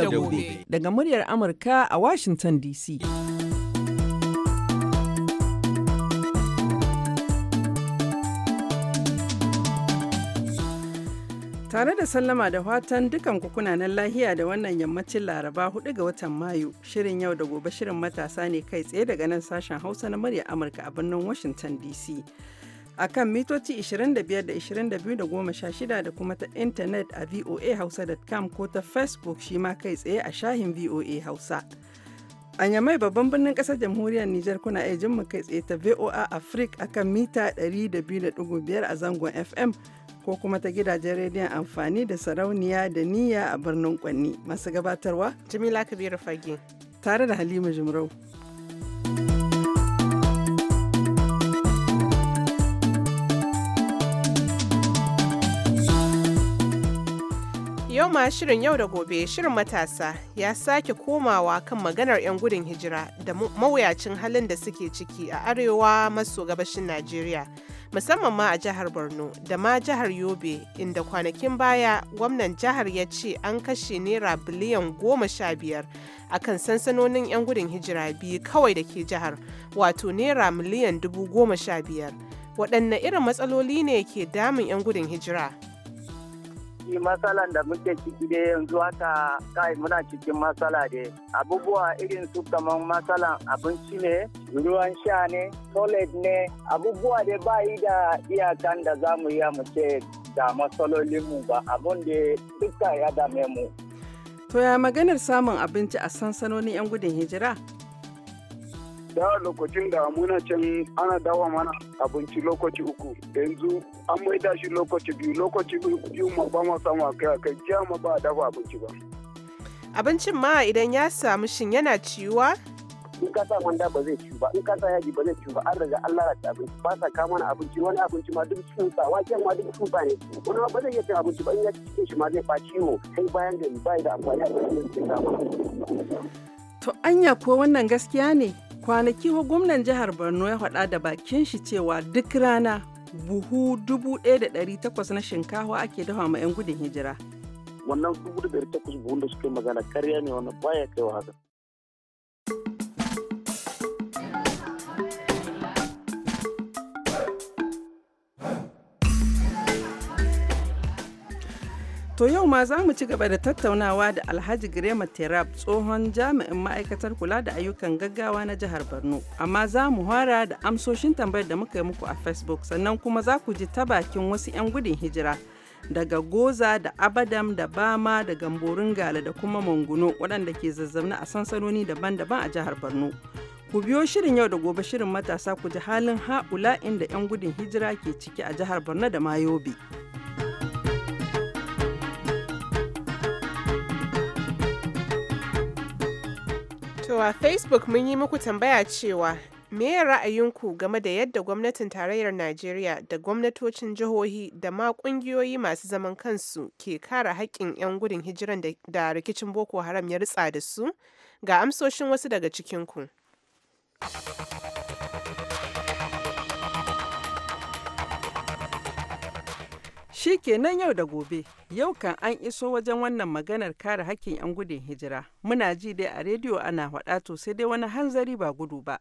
da gobe daga muryar Amurka a Washington DC. Tare da sallama da fatan dukan kukunanan lahiya da wannan yammacin laraba 4 ga watan Mayu, shirin yau da gobe shirin matasa ne kai tsaye daga nan sashen Hausa na muryar Amurka a birnin Washington DC. a kan mitoci 25 da 22 da 16 da kuma ta intanet a voahausa.com ko ta facebook shi ma kai tsaye a shahin voa hausa. A Yamai babban birnin ƙasar jamhuriyar Nijar kuna iya jin mu kai tsaye ta VOA Africa kan mita 102.5 a zangon FM ko kuma ta gidajen rediyon amfani da sarauniya da niyya a birnin Kwanni. Masu gabatarwa? Jamila Kabiru Fage. Tare da Halima Jumrau. Yau ma shirin yau da gobe shirin matasa ya sake komawa kan maganar 'yan gudun hijira da mawuyacin halin da suke ciki a arewa maso gabashin Najeriya musamman ma a jihar Borno da ma jihar Yobe inda kwanakin baya gwamnan jihar ya ce an kashe naira biliyan goma sha biyar a kan sansanonin 'yan gudun hijira biyu kawai da ke jihar wato naira miliyan dubu goma sha biyar waɗanne irin matsaloli ne ke damun 'yan gudun hijira ciki matsalan da muke ciki da yanzu haka kai muna cikin matsala da abubuwa irin su kamar matsalan abinci ne ruwan sha ne toilet ne abubuwa da ba yi da iyakan da za mu iya mu ce da matsalolinmu ba abun da duka ya dame mu. To ya maganar samun abinci a sansanonin 'yan gudun hijira? da lokacin da muna can ana dawa mana abinci lokaci uku yanzu an mai da shi lokaci biyu lokaci biyu ma ba ma samu a kai kai jiya ma ba a dafa abinci ba abincin ma idan ya samu shin yana ciwa in ka sa manda ba zai ciwu ba in ka sa yaji ba zai ciwu ba an riga an lalata abinci ba sa kama na abinci wani abinci ma duk sa waken ma duk tsutsa ne wani ba zai iya cin abinci ba in ya cikin shi ma zai ba ciwo sai bayan gari ba da amfani a cikin da ke To anya ko wannan gaskiya ne? kwanaki gwamnan jihar borno ya faɗa da bakin shi cewa duk rana buhu 1,800 na shinkawa ake dafa ma 'yan gudun hijira wannan 1,800 buhun da suke magana karya ne wannan baya kaiwa haka To yau ma za mu ci gaba da tattaunawa da Alhaji Girema Terab tsohon jami'in ma'aikatar kula da ayyukan gaggawa na jihar Borno. Amma za mu hara da amsoshin tambayar da muka yi muku a Facebook sannan kuma za ku ji ta bakin wasu 'yan gudun hijira. Daga Goza da Abadam da Bama da Gamborin Gala da kuma Manguno waɗanda ke zazzabna a sansanoni daban-daban a jihar Borno. Ku biyo shirin yau da gobe shirin matasa ku ji halin ha'ula inda 'yan gudun hijira ke ciki a jihar Borno da Mayobe. cewa Facebook mun yi muku tambaya cewa me ra'ayinku game da yadda gwamnatin tarayyar Najeriya da gwamnatocin jihohi da ma kungiyoyi masu zaman kansu ke kare haƙƙin 'yan gudun hijiran da rikicin Boko Haram ya ritsa da su? Ga amsoshin wasu daga cikinku. Shi kenan yau da gobe, yau kan an iso wajen wannan maganar kare hakkin 'yan gudun hijira. Muna ji dai a rediyo ana faɗa to sai dai wani hanzari ba gudu ba.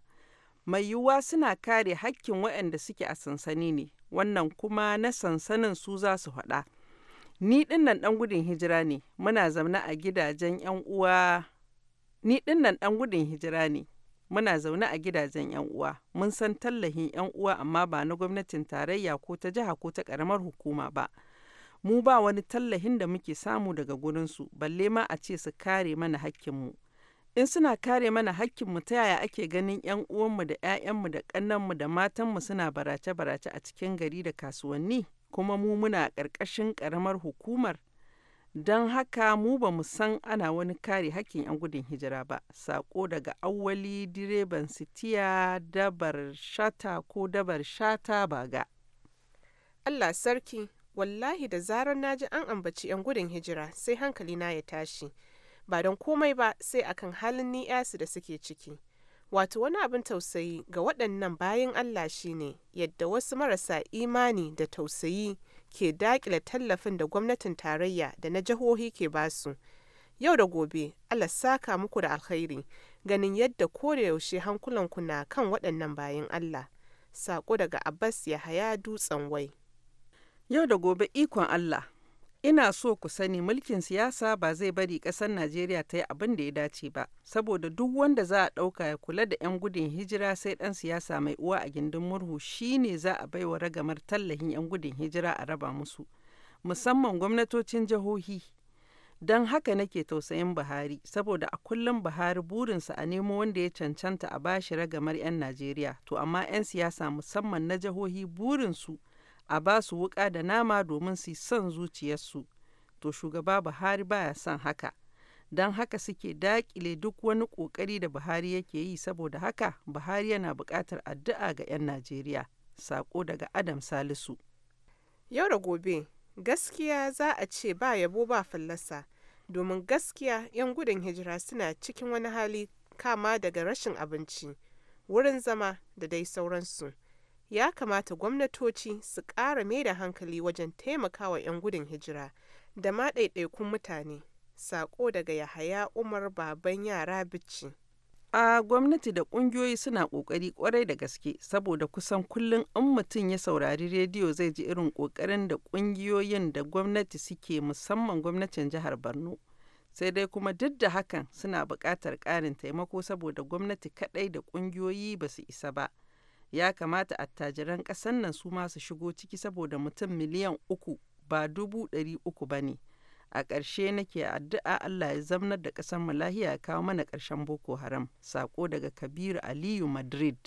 Mai yiwuwa suna kare hakkin waɗanda suke a sansani ne, wannan kuma na sansanin su za su faɗa. Ni ɗinnan ɗan gudun hijira ne, muna zaune a gidajen 'yan uwa. Ni ɗinnan ɗan gudun hijira ne, Muna zaune a gidajen 'yan uwa, mun san tallahin 'yan uwa amma ba na gwamnatin tarayya ko ta jiha ko ta karamar hukuma ba. Mu ba wani tallahin da muke samu daga gurinsu, balle ma a ce su kare mana hakkinmu. in suna kare mana hakkinmu ta yaya ake ganin 'yan uwanmu da 'ya'yanmu da ƙannanmu da matanmu suna barace-barace a cikin gari da kasuwanni kuma mu muna ƙarƙashin ƙaramar hukumar don haka mu ba mu san ana wani kare hakkin 'yan gudun hijira ba sako daga awwali direban sitiya dabar shata ko dabar shata ba ga allah sarki wallahi da zarar na ji an ambaci 'yan gudun hijira sai hankali na ya tashi ba don komai ba sai akan halin ni'yasu da suke ciki wato wani abin tausayi ga waɗannan bayan allah shine yadda wasu marasa imani da tausayi ke dakile tallafin da gwamnatin tarayya da na jihohi ke basu. Yau da gobe, Allah saka muku da alkhairi ganin yadda ko da yaushe hankulanku na kan waɗannan bayan Allah. Sako daga Abbas ya haya Dutsen Wai. Yau da gobe ikon Allah. Ina so ku sani mulkin siyasa ba zai bari ƙasar Najeriya ta yi abin da ya dace ba, saboda duk wanda za a ɗauka ya kula da 'yan gudun hijira sai ɗan siyasa mai uwa a gindin murhu shine za a baiwa ragamar tallahin 'yan gudun hijira a raba musu, musamman gwamnatocin jihohi. Don haka nake tausayin Buhari, saboda a kullum Buhari burinsa a nemo wanda ya cancanta a bashi ragamar 'yan Najeriya, to amma 'yan siyasa musamman na jihohi burinsu. a ba su wuƙa da nama domin su son zuciyarsu to shugaba buhari baya son haka don haka suke daƙile duk wani ƙoƙari da buhari yake yi saboda haka buhari yana buƙatar addu'a ga 'yan najeriya saƙo daga adam salisu yau da gobe gaskiya za a ce ba yabo ba fallasa domin gaskiya 'yan gudun hijira suna cikin wani hali kama daga rashin abinci wurin zama da dai sauransu ya kamata gwamnatoci su ƙara mai da hankali wajen taimakawa 'yan gudun hijira da ma ɗaiɗaikun mutane saƙo daga yahaya umar baban yara bicci a gwamnati da ƙungiyoyi suna ƙoƙari ƙwarai da gaske saboda kusan kullum in mutum ya saurari rediyo zai ji irin ƙoƙarin da ƙungiyoyin da gwamnati suke musamman gwamnatin jihar borno sai dai kuma duk da hakan suna buƙatar ƙarin taimako saboda gwamnati kaɗai da ƙungiyoyi ba su isa ba ya kamata attajiran ƙasar nan su masu su shigo ciki saboda mutum miliyan uku ba dubu ɗari uku ba ne a ƙarshe nake addu'a Allah ya zamnar da ƙasar mu lahiya kawo mana ƙarshen boko haram sako daga kabiru aliyu madrid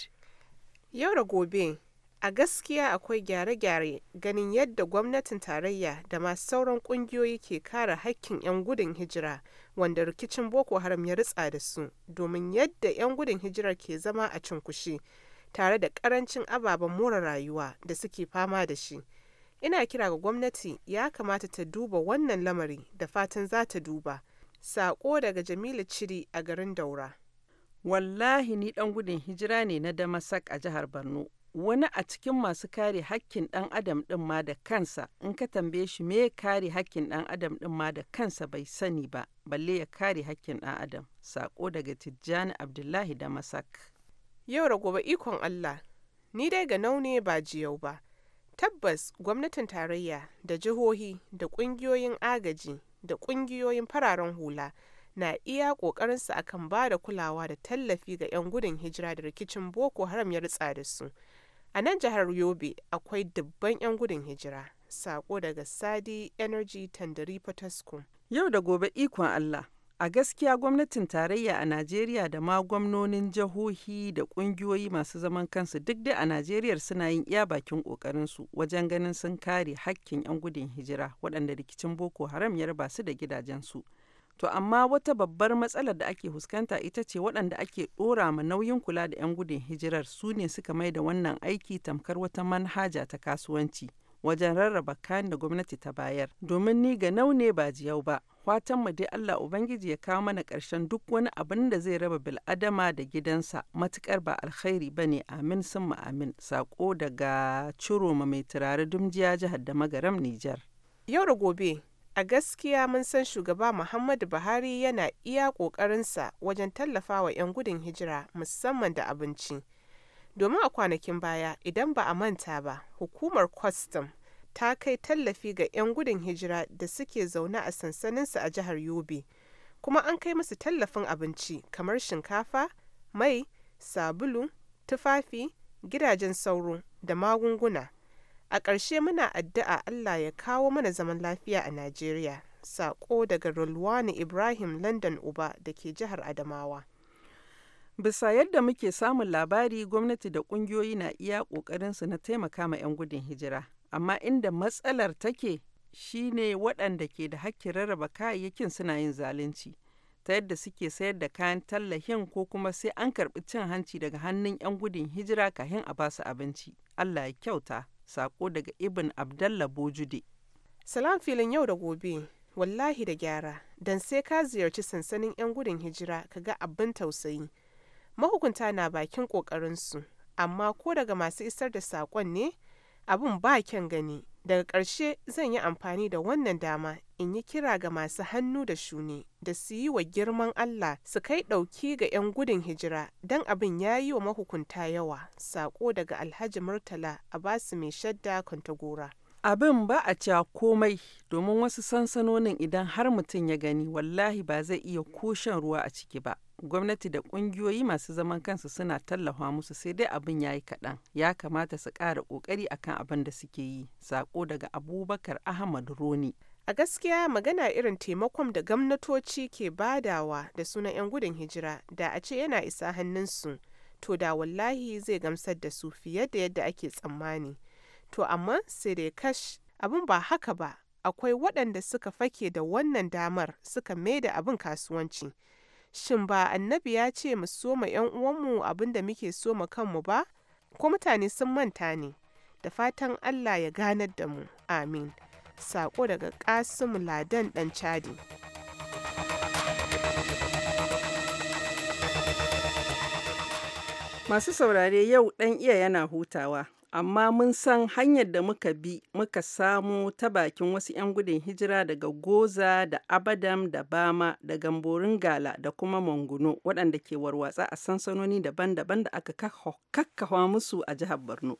yau da gobe a gaskiya akwai gyare-gyare ganin yadda gwamnatin tarayya da masu sauran ƙungiyoyi ke kare hakkin 'yan gudun hijira wanda rikicin boko haram ya ritsa da su domin yadda 'yan gudun hijira ke zama a cunkushe tare da ƙarancin ababen more rayuwa da suke fama da shi. Ina kira ga gwamnati ya kamata ta duba wannan lamari da fatan za ta duba. Saƙo daga Jamilu Ciri a garin Daura. Wallahi ni ɗan gudun hijira ne na Damasak a jihar Borno. Wani a cikin masu kare hakkin ɗan adam ɗin ma da kansa in ka tambaye shi me kare hakkin ɗan adam ɗin ma da kansa bai sani ba balle ya kare hakkin ɗan adam. Saƙo daga Tijjani Abdullahi Damasak. Yau da gobe ikon Allah, ni dai ga naune ba jiyau ba. Tabbas gwamnatin tarayya da jihohi da ƙungiyoyin agaji da ƙungiyoyin fararen hula na iya ƙoƙarinsu akan ba da kulawa da tallafi ga 'yan gudun hijira da rikicin Boko Haram ya ritsa da su. A nan jihar Yobe akwai dubban 'yan gudun hijira. Sako daga Sadi Energy Tandari Potaskum. Yau da gobe ikon Allah. A gaskiya gwamnatin tarayya a Najeriya da ma gwamnonin jihohi da kungiyoyi masu zaman kansu duk dai a Najeriya suna yin iya bakin kokarinsu wajen ganin sun kare hakkin 'yan gudun hijira waɗanda rikicin Boko Haram ya raba su da su To amma wata babbar matsalar da ake fuskanta ita ce waɗanda ake ɗora ma nauyin kula da 'yan gudun hijirar su ne suka mai da wannan aiki tamkar wata manhaja ta kasuwanci wajen rarraba kayan da gwamnati ta bayar domin ni ga nau ne ba jiyau ba. fatan mu dai Allah Ubangiji ya kawo mana ƙarshen duk wani abin da zai raba bil'adama da gidansa matuƙar ba alkhairi ba ne amin sun mu amin sako daga Ciroma mai turare dumjiya jihar da magaram Nijar. Yau da gobe a gaskiya mun san shugaba Muhammadu Buhari yana iya ƙoƙarinsa wajen tallafa wa 'yan gudun hijira musamman da abinci. Domin a kwanakin baya idan ba a manta ba hukumar kwastam ta kai tallafi ga 'yan gudun hijira da suke zaune a sansaninsu a jihar Yobe, kuma an kai musu tallafin abinci kamar shinkafa, mai, sabulu, tufafi, gidajen sauro da magunguna. A ƙarshe muna addu'a Allah ya kawo mana zaman lafiya a Najeriya. saƙo daga Rulwani Ibrahim London Uba da ke jihar Adamawa. Bisa yadda muke samun labari gwamnati da ƙungiyoyi na iya ƙoƙarinsu na taimaka ma 'yan gudun hijira. amma inda matsalar take shine waɗanda ke da hakkin rarraba kayayyakin suna yin zalunci ta yadda suke sayar da kayan tallahin ko kuma sai an karɓi cin hanci daga hannun 'yan gudun hijira kahin a basu abinci allah ya kyauta sako daga ibn abdallah bojude salam filin yau da gobe wallahi da gyara dan sai ka ziyarci sansanin 'yan gudun hijira ka ga abin tausayi mahukunta na bakin ƙoƙarinsu amma ko daga masu isar da saƙon ne Abin ba kyan gani, daga ƙarshe zan yi amfani da wannan dama in yi kira ga masu hannu da shuni da su yi wa girman Allah su kai ɗauki ga 'yan gudun hijira don abin ya yi wa mahukunta yawa, saƙo daga Alhaji Murtala a basu Mai Shadda Kwantagora. Abin ba a cewa komai domin wasu sansanonin idan har mutum ya gani wallahi ba zai iya ko ruwa a ciki ba. Gwamnati da ƙungiyoyi masu zaman kansu suna tallafa musu sai dai abin ya yi kaɗan. Ya kamata su ƙara ƙoƙari a kan abin da suke yi. Sako daga Abubakar Ahmad Roni. A gaskiya magana irin taimakon da gwamnatoci ke badawa da sunan 'yan gudun hijira da a ce yana isa hannunsu. To da wallahi zai gamsar da su fiye da yadda ake tsammani. To amma sai dai kash abin ba haka ba akwai waɗanda suka fake da wannan damar suka maida abin kasuwanci. Shin ba annabi ya ce mu soma ‘yan uwanmu abin da muke soma kanmu ba? Ko mutane sun manta ne? Da fatan Allah ya ganar da mu. Amin. Sako daga Kasim Ladan ɗan Chadi. Masu saurare yau dan iya yana hutawa, amma mun san hanyar da muka bi muka samu ta bakin wasu 'yan gudun hijira daga Goza da Abadam da Bama da Gamborin Gala da kuma Manguno waɗanda ke warwatsa a sansanoni daban-daban da aka kakkawa musu a jihar Borno.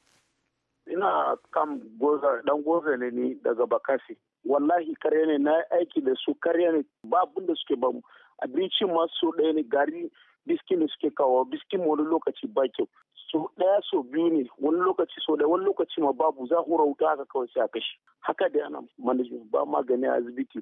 Ina kan Goza, dan Goza ne ni daga Bakasi. Wallahi karya ne na aiki da su karya ne da suke bamu. Abincin masu ɗaya ne gari biski ne suke kawo biski mu wani lokaci ba kyau so ɗaya so biyu ne wani lokaci so ɗaya wani lokaci ma babu za hura wuta haka kawai sai a kashe haka da ana management ba magani a asibiti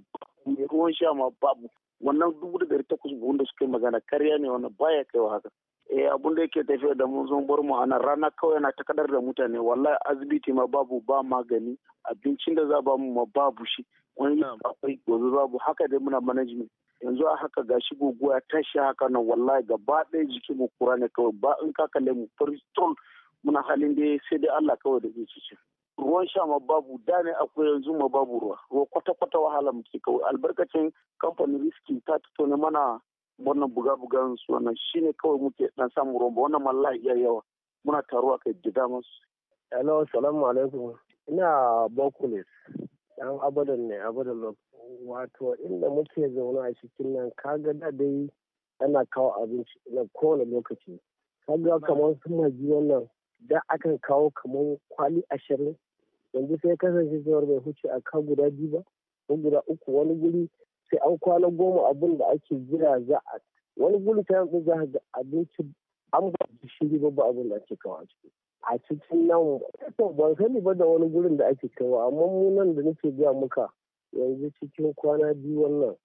ruwan sha ma babu wannan dubu da dari takwas buhun da suka yi magana karya ne wannan baya kaiwa haka eh abun da yake tafiya da mun zon bar mu ana rana kawai na takadar da mutane wallahi asibiti ma babu ba magani abincin da za ba mu ma babu shi wani akwai gobe babu haka dai muna management yanzu a haka gashi guguwa ta shi haka nan wallahi gaba ɗaya jiki mu kura ne kawai ba in ka kalle mu faristol muna halin da sai dai Allah kawai da zai ci ruwan sha ma babu da ne akwai yanzu ma babu ruwa ruwa kwata kwata wahala muke kawai albarkacin kamfanin riski ta fito ne mana wannan buga-bugan su wannan shine kawai muke dan samu rombo wannan malla iya yawa muna taruwa kai gida musu hello salamu alaikum ina bakulis dan abadan ne abadan wato inda muke zauna a cikin nan kaga da dai ana kawo abinci na kowane lokaci kaga kamar sun maji wannan da akan kawo kamar kwali ashirin yanzu sai kasance cewar bai huce a ka guda biyu ba ko guda uku wani guri sai an kwana goma abin da ake jira za a wani guri ta yanzu za ga abinci an ba shiri babba abin da ake kawo a ciki a cikin nan ban sani ba da wani gurin da ake kawo amma mu nan da nake gaya muka yanzu cikin kwana biyu wannan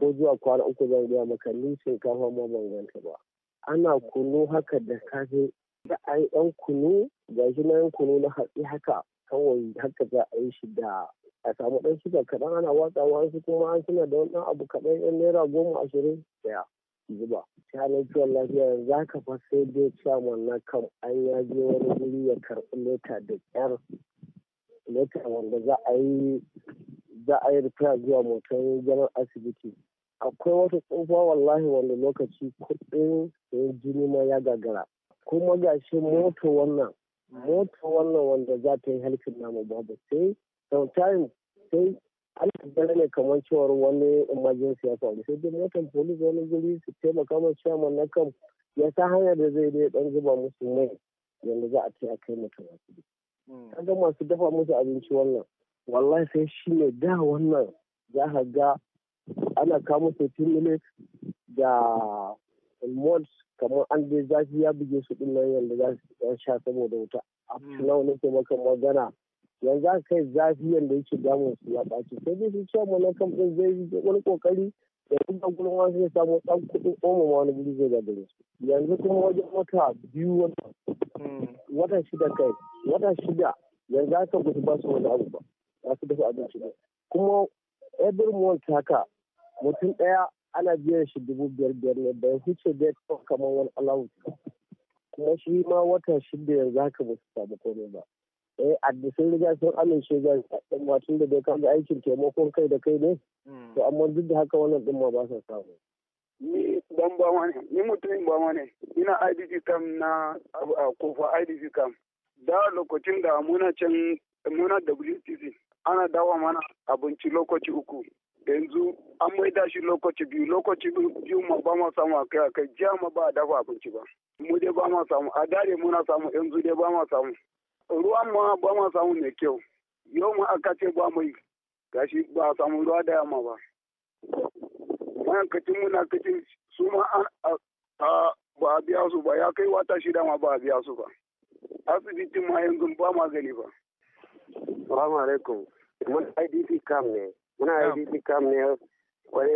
ko hmm. zuwa kwana uku zan gaya maka ni shinkafa ma ban ganta ba ana kunu haka da kafe da a kunu ga shi na yan kunu na hatsi haka kawai haka za a yi shi da a samu ɗan shiga kaɗan ana watsawa su kuma an suna da wani abu kaɗan yan naira goma ashirin daya zuba shanar kiwon lafiya za ka fa sai dai ciyaman na kan an ya je wani wuri ya karɓi leta da ƙyar leta wanda za a yi za a yi rufiya zuwa motar janar asibiti akwai wata tsofa wallahi wanda lokaci kuɗin sai jini ma ya gagara kuma gashi shi wannan mota wannan wanda za ta yi halkin namu babu sai sometimes sai alkabara ne kamar cewar wani emergency ya faru sai dai motan police wani guri su taimaka ma chairman na kan ya sa hanyar da zai dai dan zuba musu mai yanda za a ce a kai mutum asibiti hmm. kaga masu dafa musu abinci wannan wallahi sai shi ne da wannan za ka ga ana kama su da mods kamar an dai zafi ya buge su din nan yanda za su sha saboda wuta a hmm. wani ke maka magana yanzu aka kai zafi yanda yake damun su ya ɓaci sai dai su ce mana kan ɗin zai yi wani ƙoƙari da yin da wasu ya samu ɗan kuɗin oma ma wani gudu zai gagare su yanzu kuma wajen wata biyu wata hmm. wata shida kai wata shida yanzu aka gudu ba su wani abu ba za su dafa abinci ba kuma every month haka mutum ɗaya ana biyan shi dubu biyar biyar ne bai huce da kamar wani allowance kuma shi ma wata shida yanzu haka ba su samu komai ba eh da sun riga sun amince ga ɗan matun da bai kama aikin taimakon kai da kai ne hmm. to amma duk da haka wannan ɗin ma ba sa samu ni dan ba ne ni mutumin ba ne ina IDG kam na kofa IDG kam da lokacin da muna can muna WTC ana dawa mana abinci lokaci uku yanzu an maida shi lokaci biyu lokaci biyu ma ba ma samu a kai a kai jiya ma ba a dafa abinci ba mu dai ba ma samu a dare muna samu yanzu dai ba ma samu ruwa ma ba ma samu mai kyau yau ma aka ce ba mai gashi ba a samu ruwa da yamma ba ma'aikacin muna kacin su ma ba a biya su ba ya kai wata shida ma ba a biya su ba asibitin ma yanzu ba ma gani ba salamu alaikum mun idp kam ne muna yi kam ne wani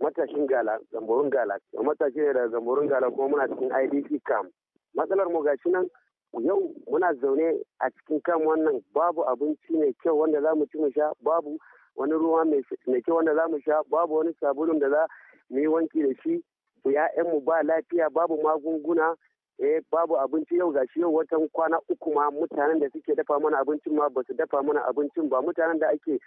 matashin gala zamborin gala matashi ne daga zamborin gala kuma muna cikin idp camp matsalar mu gashi nan yau muna zaune a cikin kan wannan babu abinci mai kyau wanda za mu ci mu sha babu wani ruwa mai kyau wanda za mu sha babu wani sabulun da za mu yi wanki da shi mu ba lafiya babu magunguna eh babu abinci yau gashi yau watan kwana uku ma mutanen da suke dafa mana abincin ma ba su dafa mana abincin ba mutanen da ake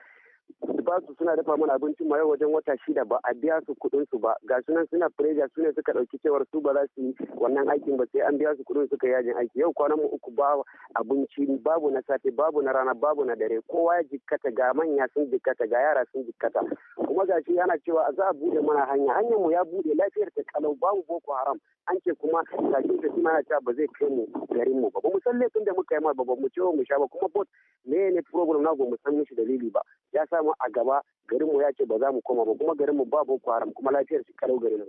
basu suna dafa mana abinci ma yau wajen wata shida ba a biya su kudin su ba ga sunan suna preja su ne suka dauki cewar su ba za su yi wannan aikin ba sai an biya su kuɗin suka yajin aiki yau kwanan mu uku ba abinci babu na safe babu na rana babu na dare kowa ya jikkata ga manya sun jikkata ga yara sun jikkata kuma ga shi yana cewa a za a bude mana hanya hanyar mu ya bude lafiyar ta kalau babu boko haram an ce kuma kakin ta suna ta ba zai kai mu garin mu ba ba mu san laifin da muka yi ma ba ba mu ce mu sha ba kuma bot ne ne program na ba mu san mishi dalili ba ya sa sa a gaba garin mu yake ba za mu koma ba kuma garin mu ba boko kuma lafiyar shi kalau garin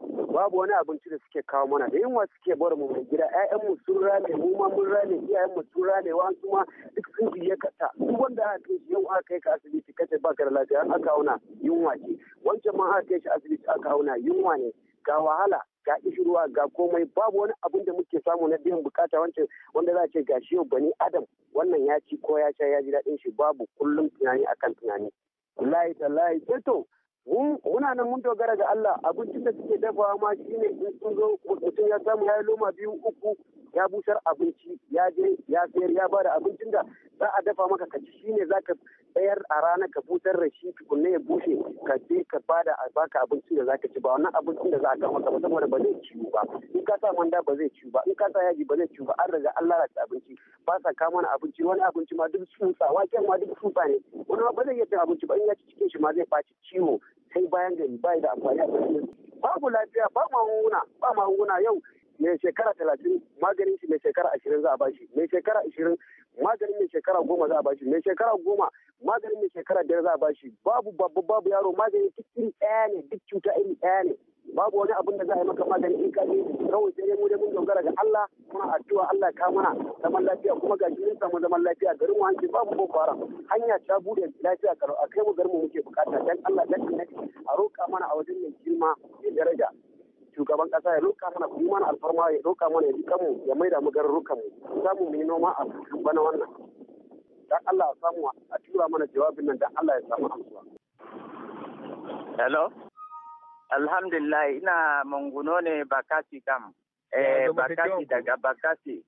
mu babu wani abinci da suke kawo mana da yunwa suke bar mu mai gida ƴaƴan mu sun rame mu ma mun rame iyayen mu sun rame wa kuma duk sun ji ya kata duk wanda aka kai shi yau aka kai ka asibiti kace ba ka da lafiya aka auna yunwa ce wancan ma aka kai shi asibiti aka auna yunwa ne ga wahala ga ishirwa ga komai babu wani abin da muke samu na biyan bukata wancan wanda za a ce gashi yau bani adam wannan ya ci ko ya sha ya ji daɗin shi babu kullum tunani akan tunani wallahi tallahi sai to muna nan mun dogara ga Allah abincin da suke dafawa ma shine in sun zo mutum ya samu ya yi loma biyu uku ya busar abinci ya je ya sayar ya bada abincin da za a dafa maka ka ci shine zaka tsayar a rana ka busar da shi tukunna ya bushe ka je ka bada a baka abincin da za ka ci ba wannan abincin da za a kama ka saboda ba zai ciwu ba in ka sa manda ba zai ciwu ba in ka sa yaji ba zai ciwu ba an riga an lalata abinci ba sa kama na abinci wani abinci ma duk tsutsa waken ma duk tsutsa ne wani ba zai iya cin abinci ba in ya ci cikin shi ma zai faci ciwo sai bayan gari ba da amfani a cikin babu lafiya ba magunguna ba magunguna yau mai shekara talatin maganin shi mai shekara ashirin za a bashi mai shekara ashirin maganin mai shekara goma za a bashi mai shekara goma maganin mai shekara biyar za a bashi babu babu babu yaro maganin duk iri ɗaya ne duk cuta iri ɗaya ne babu wani abin da za a yi maka magani in ka je kawai sai mu da mun dogara ga Allah muna addu'a Allah ka mana zaman lafiya kuma ga mun samu zaman lafiya garin mu ce babu boko haram hanya ta bude lafiya karo a kai mu garin mu muke bukata dan Allah dan annabi a roƙa mana a wajen mai girma daraja shugaban kasa ya roƙa mana kuma mana alfarma ya roƙa mana ya ji kanmu ya maida mu garurukan mu samu mu yi noma a bana wannan dan Allah ya samu a tura mana jawabin nan dan Allah ya samu amsuwa hello Alhamdulillah ina manguno ne Bakasi kam. Eh, Bakasi daga Bakasi.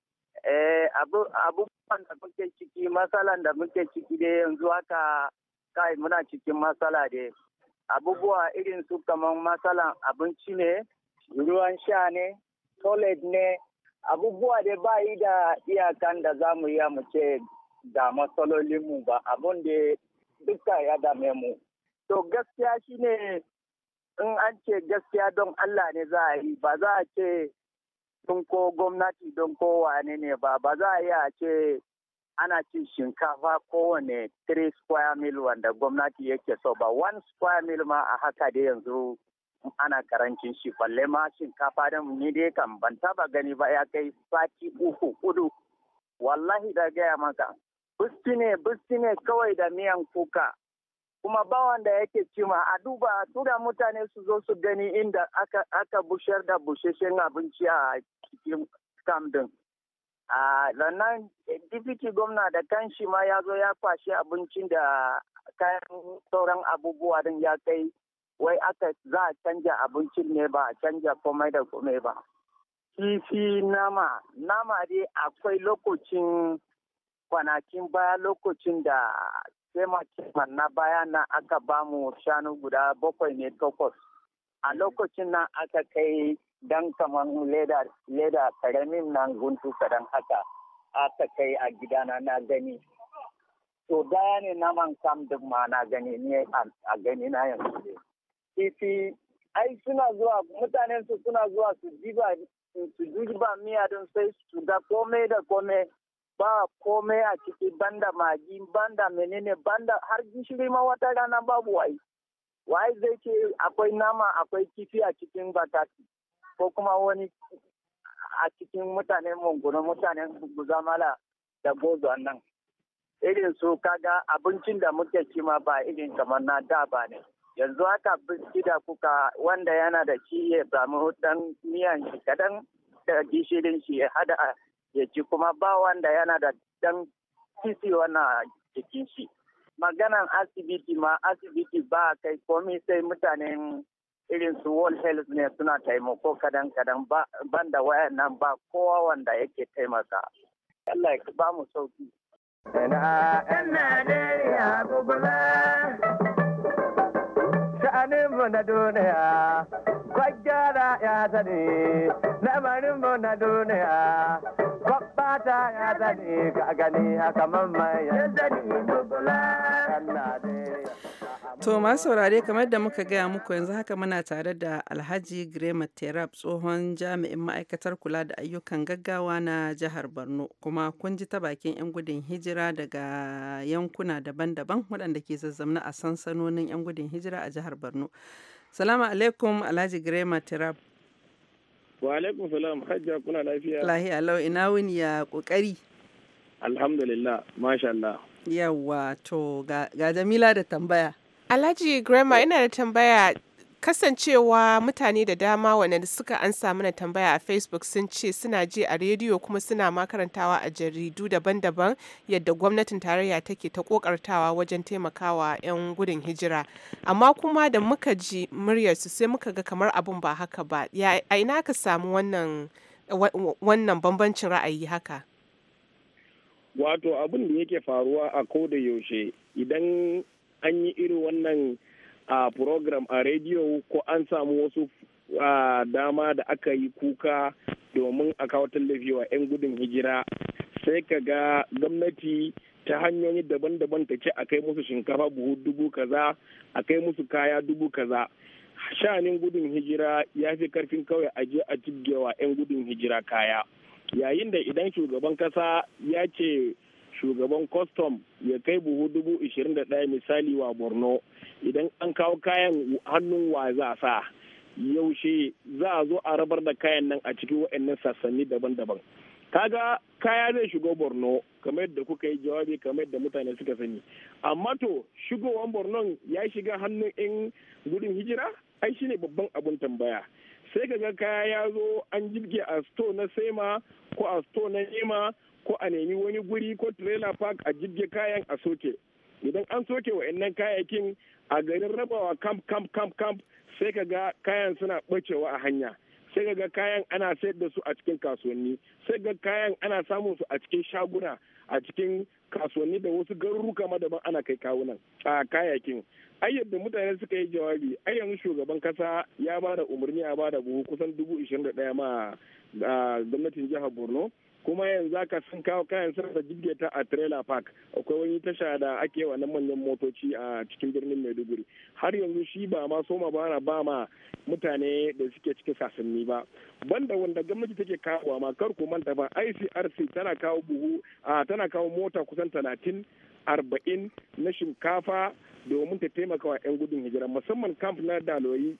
Eh, abu abubuwan da muke ciki matsalan da muke ciki da yanzu haka kai muna cikin masala da Abubuwa irin su kamar masalan abinci ne, ruwan sha ne, toilet ne, abubuwa da ba yi da iyakan da za mu iya mu ce da mu ba abun da duka ya dame mu. To gaskiya shine in an ce gaskiya don Allah ne za a yi ba za a ce don ko gwamnati don ko ne ba ba za a yi a ce ana cin shinkafa kowane 3 square mil wanda gwamnati yake so ba 1 square mil ma a haka da yanzu ana karancin shi balle ma shinkafa don ni dai kan ban taba gani ba ya kai sati uku kudu wallahi da gaya maka busti ne busti ne kawai da miyan kuka kuma ba wanda yake cima a duba a tura mutane su zo su gani inda aka, aka bushar da busheshen abinci a cikin kamdin. A lannan eh, dipiti gwamna da kanshi ma ya zo ya kwashe abincin da kayan sauran abubuwa din ya kai wai aka za a canja abincin ne ba a canja komai da komai ba. Kifi nama, nama dai akwai lokacin kwanakin baya lokacin da sai makiman na baya na aka bamu shanu guda bakwai ne takwas a lokacin na aka kai dan kaman leda leda karamin nan guntu kadan haka aka kai a gidana na gani to daya ne naman kam duk ma na gani ne a gani na yanzu ne kifi ai suna zuwa mutanen su suna zuwa su jiba su jiba miya don sai su ga kome da kome ba komai a ciki banda magi banda menene banda har gishiri ma wata rana babu wai wai zai ce akwai nama akwai kifi a cikin bataki ko kuma wani a cikin mutanen mungunu mutanen guzamala da gozo nan irin su kaga abincin da muke ci ba irin kamar na da ba ne yanzu haka biski kuka wanda yana da shi ya samu dan miyan shi kadan da gishirin shi ya hada ya ci kuma ba wanda yana da dan kisi wana jikin shi maganan asibiti ma asibiti ba kai komi sai mutanen irin su world health ne suna taimako kadan kadan banda waya nan ba kowa wanda yake taimaka Allah ya ba mu sauki. Ina ina ya a lamarinmu na duniya kwaggara ya sani lamarinmu na duniya kwabbata ya sani ka gani haka mamman ya sani dubula To masu saurare kamar da muka gaya muku yanzu haka muna tare da Alhaji Grema Terap tsohon jami'in ma'aikatar kula da ayyukan gaggawa na jihar Borno kuma kun ji ta bakin 'yan gudun hijira daga yankuna daban-daban waɗanda ke zazzamna a sansanonin 'yan gudun hijira a jihar Borno. Salamu alaikum Alhaji Grema Terap. Wa alaikum salam hajja kuna lafiya. Lahiya lau ina wuni ya kokari. Alhamdulillah masha Allah. Yawwa to ga Jamila da tambaya. Alhaji Grandma ina da tambaya kasancewa mutane da dama waɗanda suka ansa mana tambaya a facebook sun ce suna ji a rediyo kuma suna makarantawa a jaridu daban-daban yadda gwamnatin tarayya take ta kokartawa wajen taimakawa 'yan gudun hijira amma kuma da muka ji muryarsu sai muka ga kamar abun ba haka ba a ina ka samu wannan wannan bambancin ra'ayi haka wato abin da yake faruwa a ko yaushe idan an yi irin wannan program a rediyo ko an samu wasu dama da aka yi kuka domin a kawo tallafi wa 'yan gudun hijira sai ka ga gwamnati ta hanyoyi daban-daban ta ce a kai musu shinkafa buhu dubu kaza a kai musu kaya dubu kaza shanin gudun hijira ya fi karfin kawai a je a jibgewa 'yan gudun hijira kaya yayin da idan shugaban kasa ya ce shugaban kwastom ya kai buhu dubu ishirin da ɗaya misali wa borno idan an kawo kayan hannun wa za a sa yaushe za a zo a rabar da kayan nan a cikin waɗannan sassanni daban-daban kaga kaya zai shigo borno kamar yadda kuka yi jawabi kamar yadda mutane suka sani amma to shigowan borno ya shiga hannun in gudun hijira ai shine babban abun tambaya sai kaga kaya ya zo an jibge a sto na sema ko a sto na nema ko a nemi wani guri ko trailer park a jirgin kayan a soke idan an soke wa'annan kayayyakin a garin rabawa camp camp camp camp sai ka ga kayan suna bacewa a hanya sai ga kayan ana sayar da su a cikin kasuwanni sai ga kayan ana samun su a cikin shaguna a cikin kasuwanni da wasu garuruka ma daban ana kai kawunan a kayakin ai yadda mutane suka yi jawabi ai yanzu shugaban kasa ya ba da umarni a ba da buhu kusan dubu ishirin da ɗaya ma gwamnatin jihar borno kuma yanzu ka sun kawo kayan sarrafa jirgin ta a trailer park akwai wani tasha da ake wa na manyan motoci a cikin birnin maiduguri har yanzu shi ba ma soma ba na ba ma mutane da suke cikin sasanni ba banda wanda gwamnati take kawo ma kar ku manta ba icrc tana kawo buhu tana kawo mota kusan talatin arba'in na shinkafa domin ta taimaka wa 'yan gudun hijira musamman na daloyi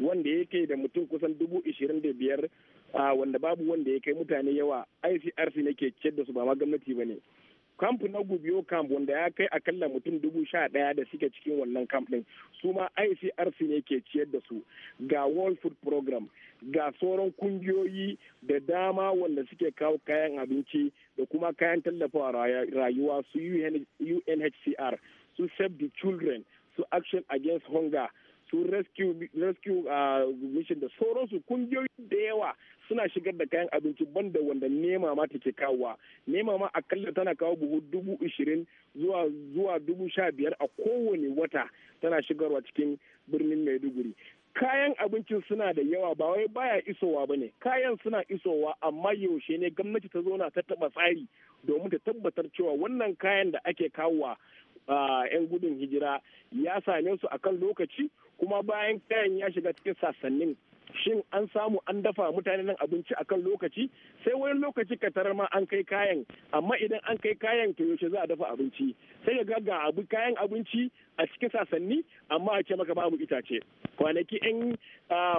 wanda yake da mutum kusan dubu ishirin da biyar wanda babu wanda ya kai mutane yawa icrc ne ke ciyar da su ba ma gwamnati ba ne kamp na gubiyo camp wanda ya kai akalla mutum dubu sha daya da suke cikin wannan camp din su ma icrc ne ke ciyar da su ga world food program ga sauran kungiyoyi da dama wanda suke kawo kayan abinci da kuma kayan tallafawa rayuwa su unhcr su save the children su action against hunger su rescue rescue ah, mission da sauransu kungiyoyi da yawa suna shigar da kayan abinci banda wanda nema ma take kawowa nema ma akalla tana kawo buhu dubu ishirin zuwa zuwa dubu sha biyar a kowane wata tana shigarwa cikin birnin maiduguri kayan abincin suna da yawa ba wai baya isowa ba ne kayan suna isowa amma yaushe ne gwamnati ta zo na ta taba tsari domin ta tabbatar cewa wannan kayan da ake kawowa 'yan gudun hijira ya same su akan lokaci kuma bayan kayan ya shiga cikin sassanin shin an samu an dafa mutane nan abinci akan lokaci sai wani lokaci ka tarar ma an kai kayan amma idan an kai kayan to yaushe za a dafa abinci sai ga ga abu kayan abinci a cikin sasanni amma a ce maka babu itace kwanaki yan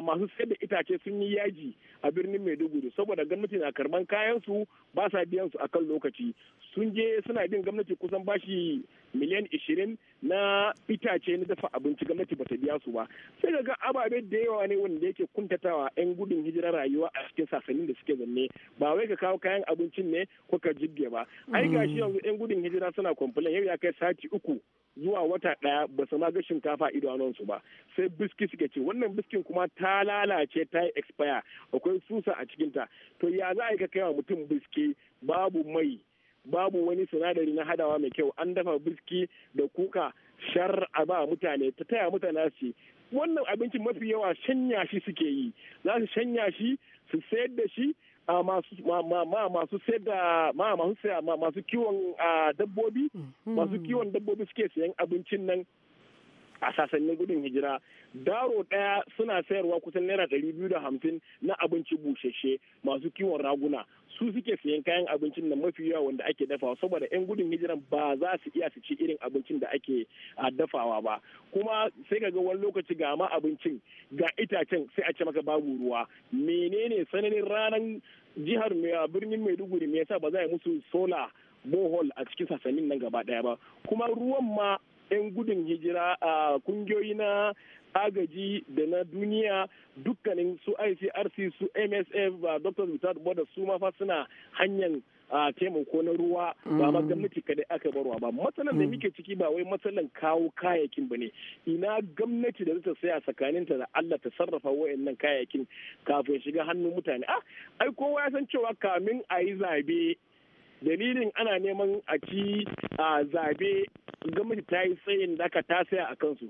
masu sayar da itace sun yi yaji a birnin maiduguri saboda gwamnati na karban kayan su ba sa biyan su akan lokaci sun je suna bin gwamnati kusan bashi miliyan ishirin na itace na dafa abinci gwamnati bata biya su ba sai ga ababe da yawa ne wanda yake kuntatawa 'yan gudun hijirar rayuwa a cikin sasannin da suke zanne ba wai ka kawo kayan abincin ne ko ka jibge ba ai mm. gashi yanzu 'yan gudun hijira suna kwamfilin yau ya kai sati uku zuwa wata daya ba su ma ga shinkafa idanunsu ba sai biski suke ce wannan biskin kuma ta lalace ta yi expire akwai susa a cikinta to ya za a yi ka kai wa mutum biski babu mai babu wani sinadari na hadawa mai kyau an dafa biski da kuka shar a ba mutane ta taya mutane su wannan abincin mafi yawa shanya shi suke yi za su shanya shi su sayar da shi masu masu kiwon dabbobi mm-hmm. masu kiwon dabbobi suke sayan abincin nan a sasannin gudun hijira daro ɗaya suna sayarwa kusan naira ɗari biyu da hamsin na abinci bushashe masu kiwon raguna su suke siyan kayan abincin nan mafi yawa wanda ake dafawa saboda 'yan gudun hijiran ba za su iya su ci irin abincin da ake dafawa ba kuma sai ka ga wani lokaci ga ma abincin ga itacen sai a ce maka babu ruwa menene sananin ranar jihar birnin maiduguri me yasa ba za a musu sola bohol a cikin sasannin nan gaba daya ba kuma ruwan ma 'yan gudun hijira a kungiyoyi na agaji da na duniya dukkanin su icrc su msf ba dr without boda su ma fa suna hanyar taimako na ruwa ba ma mm. gwamnati kadai aka barwa ba matsalar da mm. muke ciki ba wai matsalar kawo kayakin ba ne ina gwamnati da zata saya tsakaninta da Allah ta sarrafa wayannan kayakin kafin shiga hannun mutane ah ai kowa ya san cewa kamin a yi zabe dalilin ana neman a ci zabe gwamnati ta yi tsayin da aka ta saya a kansu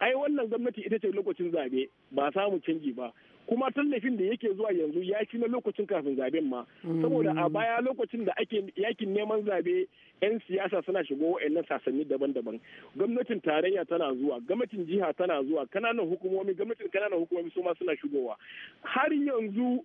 ai wannan gwamnati ita ce lokacin zabe ba samu canji ba kuma tallafin da yake zuwa yanzu ya fi na lokacin kafin zaben ma saboda a mm. baya lokacin da ake yakin neman zabe 'yan siyasa suna shigo wa'annan sasanni daban-daban gwamnatin tarayya tana zuwa gwamnatin jiha tana zuwa kananan hukumomi gwamnatin kananan hukumomi su ma suna shigowa har yanzu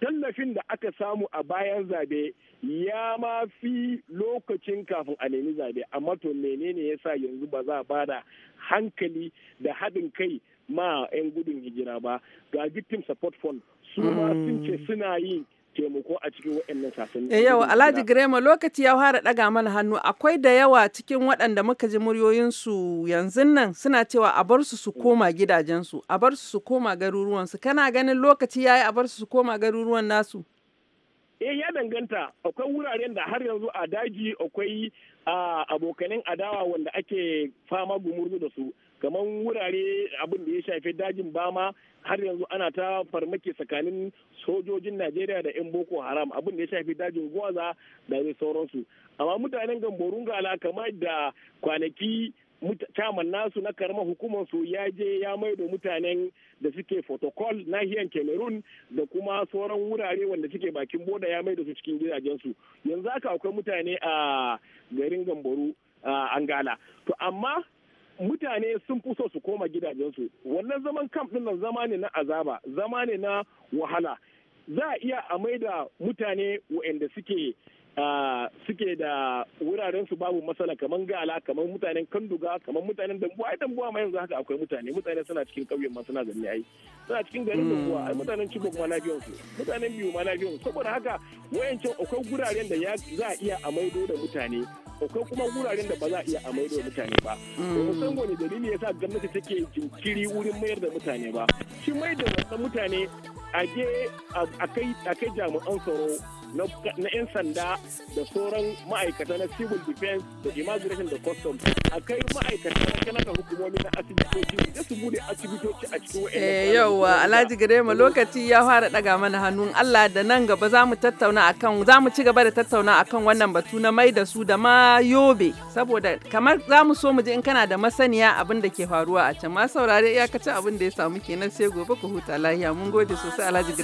tallafin da aka samu a bayan zabe ya ma fi lokacin kafin a nemi zabe amma to menene ya sa yanzu ba za a bada hankali da haɗin kai ma 'yan gudun hijira ba ga victim support fund su ma sun ce mm. suna yin taimako a cikin waɗannan sassan. Eh yau Alhaji Grema lokaci ya fara ɗaga mana hannu akwai da yawa cikin waɗanda muka ji muryoyinsu yanzu nan suna cewa a bar su su mm. koma gidajensu a bar su su koma garuruwansu kana ganin lokaci yayi a bar su su koma garuruwan nasu. Eh ya danganta akwai wuraren da har yanzu a daji akwai ah, abokanin adawa wanda ake fama gumurzu da su. kamar wurare abin da ya shafi dajin bama har yanzu ana ta farmaki tsakanin sojojin najeriya da 'yan boko haram abin da ya shafi dajin gwaza da zai sauransu amma mutanen gamborun gala kamar da kwanaki caman nasu na karamar hukumar su ya je ya maido mutanen da suke protocol nahiyar cameroon da kuma sauran wurare wanda suke bakin boda ya maido su cikin gidajensu yanzu haka akwai mutane a garin gamboru a angala to amma mutane sun fi so su koma gidajensu wannan zaman kamp ɗin zama ne na azaba zama ne na wahala za a iya a maida mutane waɗanda suke suke da wuraren su babu matsala kamar gala kamar mutanen kanduga kamar mutanen dambuwa ai dambuwa ma yanzu haka akwai mutane mutane suna cikin ƙauyen ma suna zanne ai suna cikin garin hmm. dambuwa ai mutanen cikin ma na su mutanen biyu ma na su saboda haka wayancan akwai guraren da za a iya a maido da mutane akwai kuma wuraren da ba za a iya amai maido mutane ba Musan san wani dalili sa gwamnati take jinkiri wurin mayar da mutane ba shi mai da mutane a je a kai jami'an tsaro na 'yan sanda da sauran ma'aikata na civil defense da immigration da custom a kai ma'aikata na kanaka hukumomi na asibitoci da su bude asibitoci a cikin wa'in eh yauwa alhaji garema lokaci ya fara daga mana hannun allah da nan gaba za mu tattauna akan za mu ci gaba da tattauna akan wannan batu na mai da su da ma yobe saboda kamar za mu so mu ji in kana da masaniya abin da ke faruwa a can ma saurare iyakacin abin da ya samu kenan sai gobe ku huta lahiya mun gode sosai alhaji